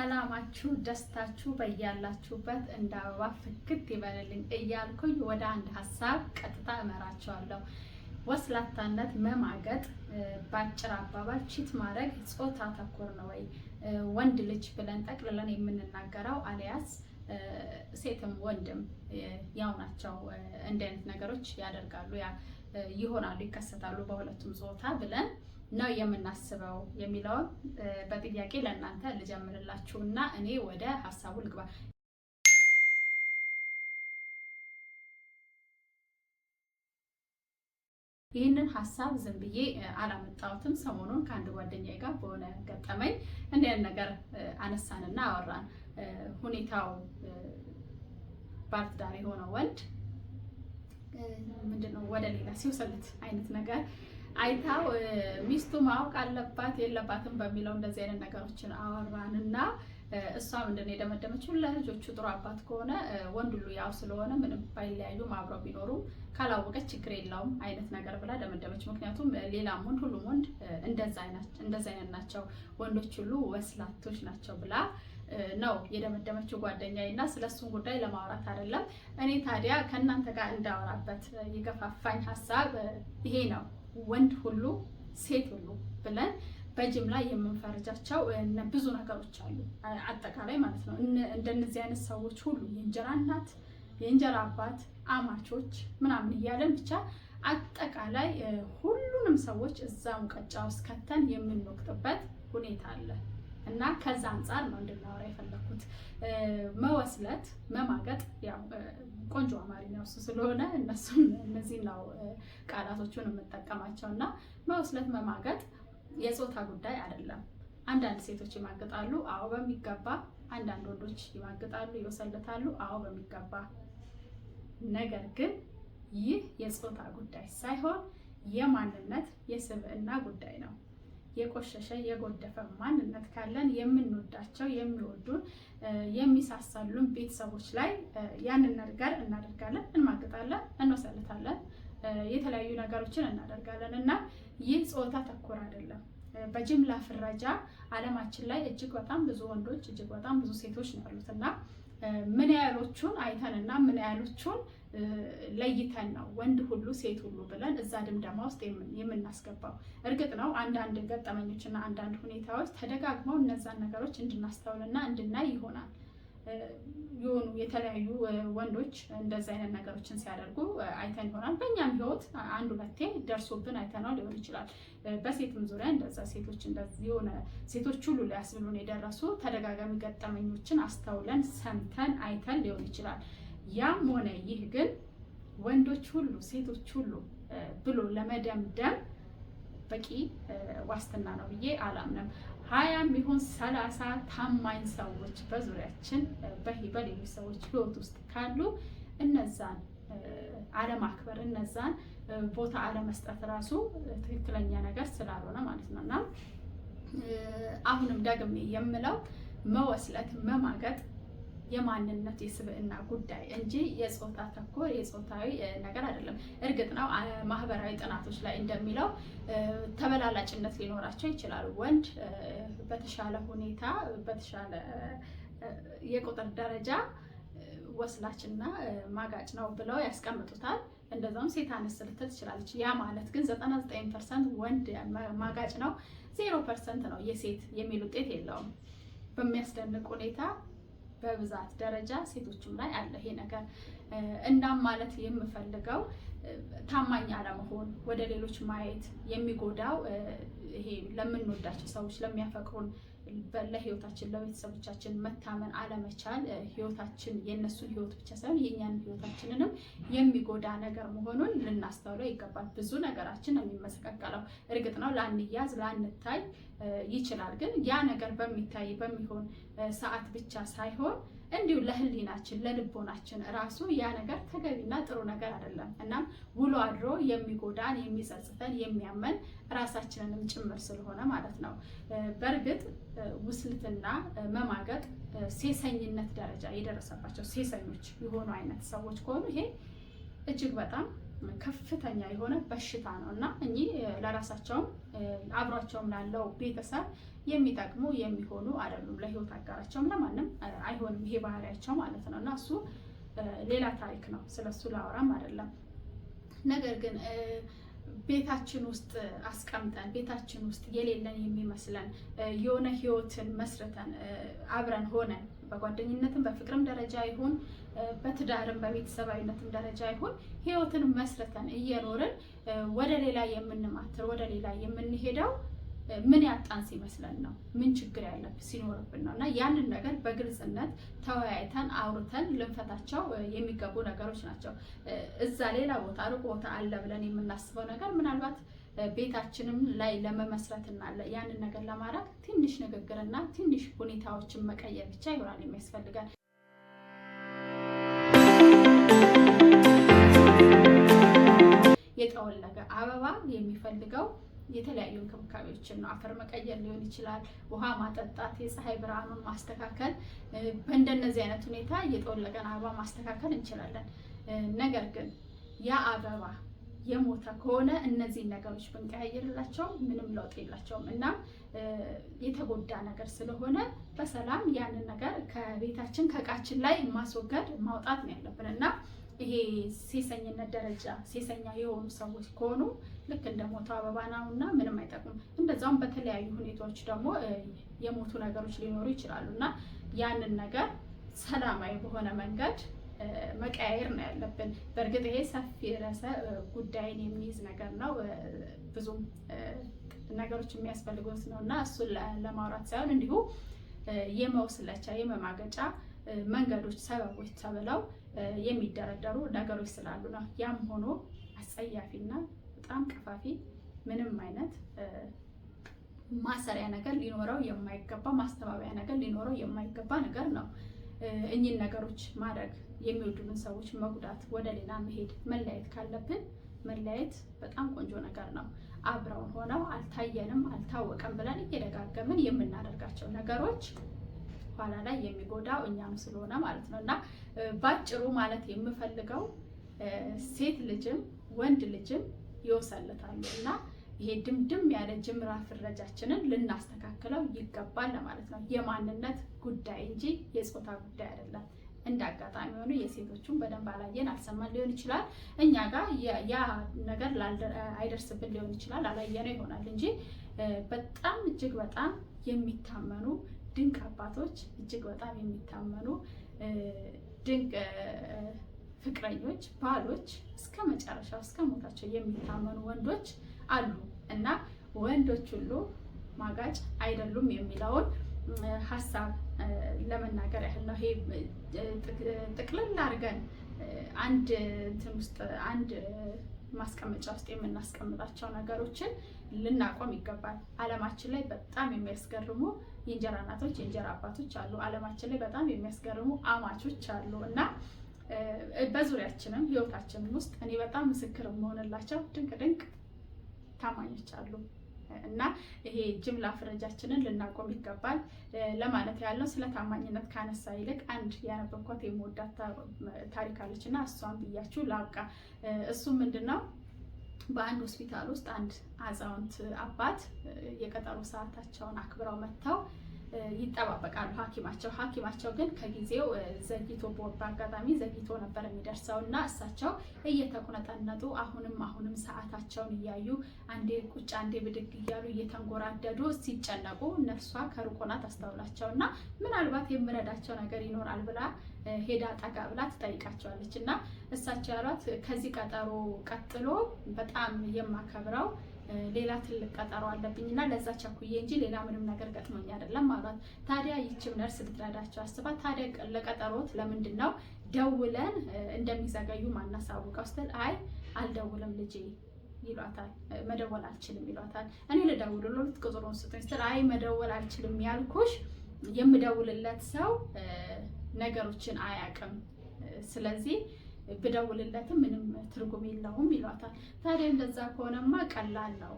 ሰላማችሁ፣ ደስታችሁ በያላችሁበት እንደ አበባ ፍክት ይበልልኝ እያልኩኝ ወደ አንድ ሀሳብ ቀጥታ እመራቸዋለሁ። ወስላታነት፣ መማገጥ፣ በአጭር አባባል ቺት ማድረግ ጾታ ተኮር ነው ወይ ወንድ ልጅ ብለን ጠቅልለን የምንናገረው አሊያስ ሴትም ወንድም ያው ናቸው። እንዲህ አይነት ነገሮች ያደርጋሉ፣ ይሆናሉ፣ ይከሰታሉ በሁለቱም ጾታ ብለን ነው የምናስበው የሚለውን በጥያቄ ለእናንተ ልጀምርላችሁና እኔ ወደ ሀሳቡ ልግባ። ይህንን ሀሳብ ዝም ብዬ አላመጣሁትም። ሰሞኑን ከአንድ ጓደኛ ጋር በሆነ ገጠመኝ እንዲያን ነገር አነሳንና አወራን። ሁኔታው ባለትዳር የሆነው ወንድ ምንድነው ወደ ሌላ ሲወሰልት አይነት ነገር አይታው ሚስቱ ማወቅ አለባት የለባትም በሚለው እንደዚህ አይነት ነገሮችን አወራን እና እሷ ምንድን ነው የደመደመችው ለልጆቹ ጥሩ አባት ከሆነ ወንድ ሁሉ ያው ስለሆነ ምንም ባይለያዩም አብረው ቢኖሩ ካላወቀች ችግር የለውም አይነት ነገር ብላ ደመደመች። ምክንያቱም ሌላም ወንድ ሁሉም ወንድ እንደዛ አይነት ናቸው፣ ወንዶች ሁሉ ወስላቶች ናቸው ብላ ነው የደመደመችው ጓደኛዬ። እና ስለሱም ጉዳይ ለማውራት አይደለም እኔ ታዲያ ከእናንተ ጋር እንዳወራበት የገፋፋኝ ሀሳብ ይሄ ነው። ወንድ ሁሉ ሴት ሁሉ ብለን በጅምላ የምንፈርጃቸው ብዙ ነገሮች አሉ። አጠቃላይ ማለት ነው። እንደነዚህ አይነት ሰዎች ሁሉ የእንጀራ እናት፣ የእንጀራ አባት፣ አማቾች ምናምን እያለን ብቻ አጠቃላይ ሁሉንም ሰዎች እዛ ሙቀጫ ውስጥ ከተን የምንወቅጥበት ሁኔታ አለ። እና ከዛ አንጻር ነው እንድናወራ የፈለኩት። መወስለት መማገጥ፣ ያው ቆንጆ አማርኛ እሱ ስለሆነ እነሱም እነዚህ ነው ቃላቶቹን የምጠቀማቸው። እና መወስለት መማገጥ የጾታ ጉዳይ አይደለም። አንዳንድ ሴቶች ይማግጣሉ፣ አዎ በሚገባ። አንዳንድ ወንዶች ይማግጣሉ፣ ይወሰልታሉ፣ አዎ በሚገባ። ነገር ግን ይህ የጾታ ጉዳይ ሳይሆን የማንነት የስብዕና ጉዳይ ነው። የቆሸሸ የጎደፈ ማንነት ካለን የምንወዳቸው የሚወዱን የሚሳሳሉን ቤተሰቦች ላይ ያንን ነገር እናደርጋለን፣ እንማግጣለን፣ እንወሰልታለን፣ የተለያዩ ነገሮችን እናደርጋለን እና ይህ ጾታ ተኮር አይደለም። በጅምላ ፍረጃ ዓለማችን ላይ እጅግ በጣም ብዙ ወንዶች እጅግ በጣም ብዙ ሴቶች ነው ያሉት እና ምን ያህሎቹን አይተን እና ምን ያህሎቹን ለይተን ነው ወንድ ሁሉ ሴት ሁሉ ብለን እዛ ድምደማ ውስጥ የምናስገባው። እርግጥ ነው አንዳንድ ገጠመኞች እና አንዳንድ ሁኔታዎች ተደጋግመው እነዛን ነገሮች እንድናስተውልና እንድናይ ይሆናል። የሆኑ የተለያዩ ወንዶች እንደዚ አይነት ነገሮችን ሲያደርጉ አይተን ይሆናል። በእኛም ህይወት አንድ ሁለቴ ደርሶብን አይተነው ሊሆን ይችላል። በሴትም ዙሪያ እንደዛ ሴቶች እንደዚህ የሆነ ሴቶች ሁሉ ሊያስብሉን የደረሱ ተደጋጋሚ ገጠመኞችን አስተውለን ሰምተን አይተን ሊሆን ይችላል። ያም ሆነ ይህ ግን ወንዶች ሁሉ ሴቶች ሁሉ ብሎ ለመደምደም በቂ ዋስትና ነው ብዬ አላምንም። ሀያም ይሁን ሰላሳ ታማኝ ሰዎች በዙሪያችን በሌሎች ሰዎች ህይወት ውስጥ ካሉ እነዛን አለማክበር እነዛን ቦታ አለመስጠት ራሱ ትክክለኛ ነገር ስላልሆነ ማለት ነው እና አሁንም ደግሜ የምለው መወስለት መማገጥ የማንነት የስብዕና ጉዳይ እንጂ የጾታ ተኮር የጾታዊ ነገር አይደለም። እርግጥ ነው ማህበራዊ ጥናቶች ላይ እንደሚለው ተበላላጭነት ሊኖራቸው ይችላል። ወንድ በተሻለ ሁኔታ በተሻለ የቁጥር ደረጃ ወስላችና ማጋጭ ነው ብለው ያስቀምጡታል። እንደዛውም ሴት አነስ ልትል ትችላለች። ያ ማለት ግን 99 ፐርሰንት ወንድ ማጋጭ ነው፣ ዜሮ ፐርሰንት ነው የሴት የሚል ውጤት የለውም። በሚያስደንቅ ሁኔታ በብዛት ደረጃ ሴቶችም ላይ አለ ይሄ ነገር። እናም ማለት የምፈልገው ታማኝ አለመሆን፣ ወደ ሌሎች ማየት የሚጎዳው ይሄ ለምንወዳቸው ሰዎች ለሚያፈቅሩን ለህይወታችን ለቤተሰቦቻችን መታመን አለመቻል ህይወታችን የእነሱን ህይወት ብቻ ሳይሆን የእኛን ህይወታችንንም የሚጎዳ ነገር መሆኑን ልናስተውለው ይገባል። ብዙ ነገራችን የሚመሰቀቀለው እርግጥ ነው ላንያዝ ላንታይ ይችላል። ግን ያ ነገር በሚታይ በሚሆን ሰዓት ብቻ ሳይሆን እንዲሁ ለህሊናችን ለልቦናችን ራሱ ያ ነገር ተገቢና ጥሩ ነገር አይደለም። እናም ውሎ አድሮ የሚጎዳን የሚጸጽፈን የሚያመን ራሳችንንም ጭምር ስለሆነ ማለት ነው። በእርግጥ ውስልትና መማገጥ ሴሰኝነት ደረጃ የደረሰባቸው ሴሰኞች የሆኑ አይነት ሰዎች ከሆኑ ይሄ እጅግ በጣም ከፍተኛ የሆነ በሽታ ነው እና እኚህ ለራሳቸውም አብሯቸውም ላለው ቤተሰብ የሚጠቅሙ የሚሆኑ አይደሉም። ለህይወት አጋራቸውም ለማንም አይሆንም ይሄ ባህሪያቸው ማለት ነው እና እሱ ሌላ ታሪክ ነው። ስለሱ ላወራም አይደለም። ነገር ግን ቤታችን ውስጥ አስቀምጠን ቤታችን ውስጥ የሌለን የሚመስለን የሆነ ህይወትን መስርተን አብረን ሆነን በጓደኝነትም በፍቅርም ደረጃ ይሁን በትዳርም በቤተሰባዊነትም ደረጃ ይሁን ህይወትን መስርተን እየኖርን ወደ ሌላ የምንማትር ወደ ሌላ የምንሄደው ምን ያጣን ሲመስለን ነው። ምን ችግር ያለብን ሲኖርብን ነው። እና ያንን ነገር በግልጽነት ተወያይተን አውርተን ልንፈታቸው የሚገቡ ነገሮች ናቸው። እዛ ሌላ ቦታ ሩቅ ቦታ አለ ብለን የምናስበው ነገር ምናልባት ቤታችንም ላይ ለመመስረት እና ያንን ነገር ለማድረግ ትንሽ ንግግርና ትንሽ ሁኔታዎችን መቀየር ብቻ ይሆናል የሚያስፈልጋል። የጠወለገ አበባ የሚፈልገው የተለያዩ እንክብካቤዎችን ነው። አፈር መቀየር ሊሆን ይችላል፣ ውሃ ማጠጣት፣ የፀሐይ ብርሃኑን ማስተካከል። በእንደነዚህ አይነት ሁኔታ የጠወለገን አበባ ማስተካከል እንችላለን። ነገር ግን ያ አበባ የሞተ ከሆነ እነዚህን ነገሮች ብንቀያየርላቸው ምንም ለውጥ የላቸውም እና የተጎዳ ነገር ስለሆነ በሰላም ያንን ነገር ከቤታችን ከእቃችን ላይ ማስወገድ ማውጣት ነው ያለብን እና ይሄ ሴሰኝነት ደረጃ ሴሰኛ የሆኑ ሰዎች ከሆኑ ልክ እንደ ሞተው አበባ ነው እና ምንም አይጠቅሙም። እንደዛውም በተለያዩ ሁኔታዎች ደግሞ የሞቱ ነገሮች ሊኖሩ ይችላሉ እና ያንን ነገር ሰላማዊ በሆነ መንገድ መቀያየር ነው ያለብን። በእርግጥ ይሄ ሰፊ ርዕሰ ጉዳይን የሚይዝ ነገር ነው። ብዙም ነገሮች የሚያስፈልጉት ነው እና እሱን ለማውራት ሳይሆን እንዲሁ የመውስለቻ የመማገጫ መንገዶች፣ ሰበቦች ተብለው የሚደረደሩ ነገሮች ስላሉ ነው። ያም ሆኖ አጸያፊና በጣም ቀፋፊ ምንም አይነት ማሰሪያ ነገር ሊኖረው የማይገባ ማስተባበያ ነገር ሊኖረው የማይገባ ነገር ነው። እኚህን ነገሮች ማድረግ የሚወዱንን ሰዎች መጉዳት፣ ወደ ሌላ መሄድ፣ መለያየት ካለብን መለያየት በጣም ቆንጆ ነገር ነው። አብረውን ሆነው አልታየንም፣ አልታወቀም ብለን እየደጋገምን የምናደርጋቸው ነገሮች ኋላ ላይ የሚጎዳው እኛም ስለሆነ ማለት ነው እና ባጭሩ ማለት የምፈልገው ሴት ልጅም ወንድ ልጅም ይወሰልታሉ እና ይሄ ድምድም ያለ ጅምራ ፍረጃችንን ልናስተካክለው ይገባል ለማለት ነው። የማንነት ጉዳይ እንጂ የጾታ ጉዳይ አይደለም። እንደ አጋጣሚ ሆኖ የሴቶቹን በደንብ አላየን አልሰማን ሊሆን ይችላል። እኛ ጋር ያ ነገር አይደርስብን ሊሆን ይችላል አላየነው ይሆናል እንጂ በጣም እጅግ በጣም የሚታመኑ ድንቅ አባቶች፣ እጅግ በጣም የሚታመኑ ድንቅ ፍቅረኞች፣ ባሎች፣ እስከ መጨረሻው እስከ ሞታቸው የሚታመኑ ወንዶች አሉ እና ወንዶች ሁሉ ማጋጭ አይደሉም የሚለውን ሀሳብ ለመናገር ያህል ነው። ይሄ ጥቅልል አድርገን አንድ እንትን ውስጥ አንድ ማስቀመጫ ውስጥ የምናስቀምጣቸው ነገሮችን ልናቆም ይገባል። አለማችን ላይ በጣም የሚያስገርሙ የእንጀራ እናቶች፣ የእንጀራ አባቶች አሉ። አለማችን ላይ በጣም የሚያስገርሙ አማቾች አሉ እና በዙሪያችንም ህይወታችንም ውስጥ እኔ በጣም ምስክር የምሆንላቸው ድንቅ ድንቅ ታማኞች አሉ። እና ይሄ ጅምላ ፍረጃችንን ልናቆም ይገባል ለማለት ያለው። ስለ ታማኝነት ካነሳ ይልቅ አንድ ያነበብኳት የመወዳት ታሪክ አለች እና እሷን ብያችሁ ላብቃ። እሱ ምንድን ነው? በአንድ ሆስፒታል ውስጥ አንድ አዛውንት አባት የቀጠሮ ሰዓታቸውን አክብረው መጥተው ይጠባበቃሉ ሐኪማቸው ሐኪማቸው ግን ከጊዜው ዘግይቶ በአጋጣሚ ዘግይቶ ነበር የሚደርሰው እና እሳቸው እየተቁነጠነጡ አሁንም አሁንም ሰዓታቸውን እያዩ አንዴ ቁጭ አንዴ ብድግ እያሉ እየተንጎራደዱ ሲጨነቁ ነፍሷ ከሩቆና ታስተውላቸው እና ምናልባት የምረዳቸው ነገር ይኖራል ብላ ሄዳ ጠጋ ብላ ትጠይቃቸዋለች እና እሳቸው ያሏት ከዚህ ቀጠሮ ቀጥሎ በጣም የማከብረው ሌላ ትልቅ ቀጠሮ አለብኝ እና ለዛ ቸኩዬ እንጂ ሌላ ምንም ነገር ገጥሞኝ አይደለም አሏት። ታዲያ ይችም ነርስ ልትረዳቸው አስባ ታዲያ ለቀጠሮት ለምንድን ነው ደውለን እንደሚዘገዩ ማናሳውቀው ስትል አይ አልደውልም ልጄ ይሏታል። መደወል አልችልም ይሏታል። እኔ ልደውል ሎት ቁጥሩን ስጡኝ ስትል አይ መደወል አልችልም ያልኩሽ የምደውልለት ሰው ነገሮችን አያውቅም ስለዚህ ብደውልለትም ምንም ትርጉም የለውም ይሏታል። ታዲያ እንደዛ ከሆነማ ቀላል ነው፣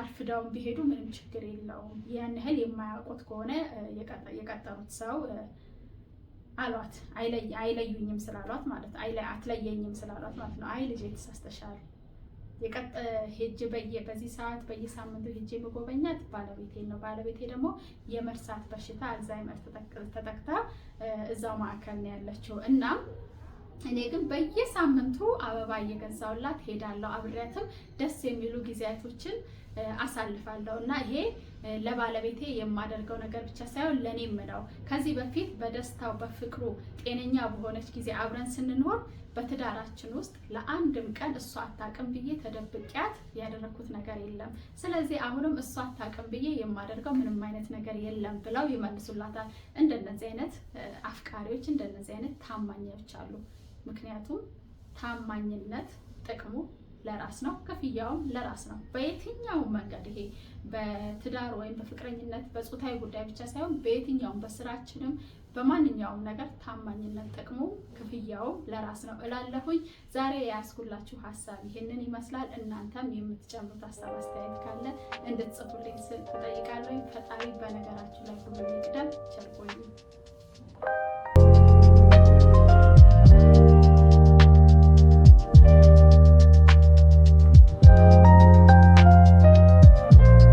አርፍደውን ቢሄዱ ምንም ችግር የለውም ያን ያህል የማያውቁት ከሆነ የቀጠሩት ሰው አሏት። አይለዩኝም ስላሏት ማለት አትለየኝም ስላሏት ማለት ነው። አይ ልጄ ተሳስተሻል፣ የቀጠ ሄጄ በዚህ ሰዓት በየሳምንቱ ሄጄ መጎበኛት ባለቤቴ ነው። ባለቤቴ ደግሞ የመርሳት በሽታ አልዛይመር ተጠቅታ እዛው ማዕከል ነው ያለችው እና እኔ ግን በየሳምንቱ አበባ እየገዛውላት ሄዳለሁ። አብሬያትም ደስ የሚሉ ጊዜያቶችን አሳልፋለሁ እና ይሄ ለባለቤቴ የማደርገው ነገር ብቻ ሳይሆን ለእኔ ነው። ከዚህ በፊት በደስታው በፍቅሩ ጤነኛ በሆነች ጊዜ አብረን ስንኖር በትዳራችን ውስጥ ለአንድም ቀን እሷ አታውቅም ብዬ ተደብቂያት ያደረግኩት ነገር የለም። ስለዚህ አሁንም እሷ አታውቅም ብዬ የማደርገው ምንም አይነት ነገር የለም ብለው ይመልሱላታል። እንደነዚህ አይነት አፍቃሪዎች፣ እንደነዚህ አይነት ታማኞች አሉ። ምክንያቱም ታማኝነት ጥቅሙ ለራስ ነው፣ ክፍያውም ለራስ ነው። በየትኛውም መንገድ ይሄ በትዳር ወይም በፍቅረኝነት በፆታዊ ጉዳይ ብቻ ሳይሆን በየትኛውም በስራችንም በማንኛውም ነገር ታማኝነት ጥቅሙ ክፍያውም ለራስ ነው እላለሁኝ። ዛሬ የያዝኩላችሁ ሀሳብ ይህንን ይመስላል። እናንተም የምትጨምሩት ሀሳብ አስተያየት ካለ እንድትጽፉልኝ ስል እጠይቃለሁ። ፈጣሪ በነገራችሁ ላይ ሁሉ ይቅደም። ቸር ቆዩ።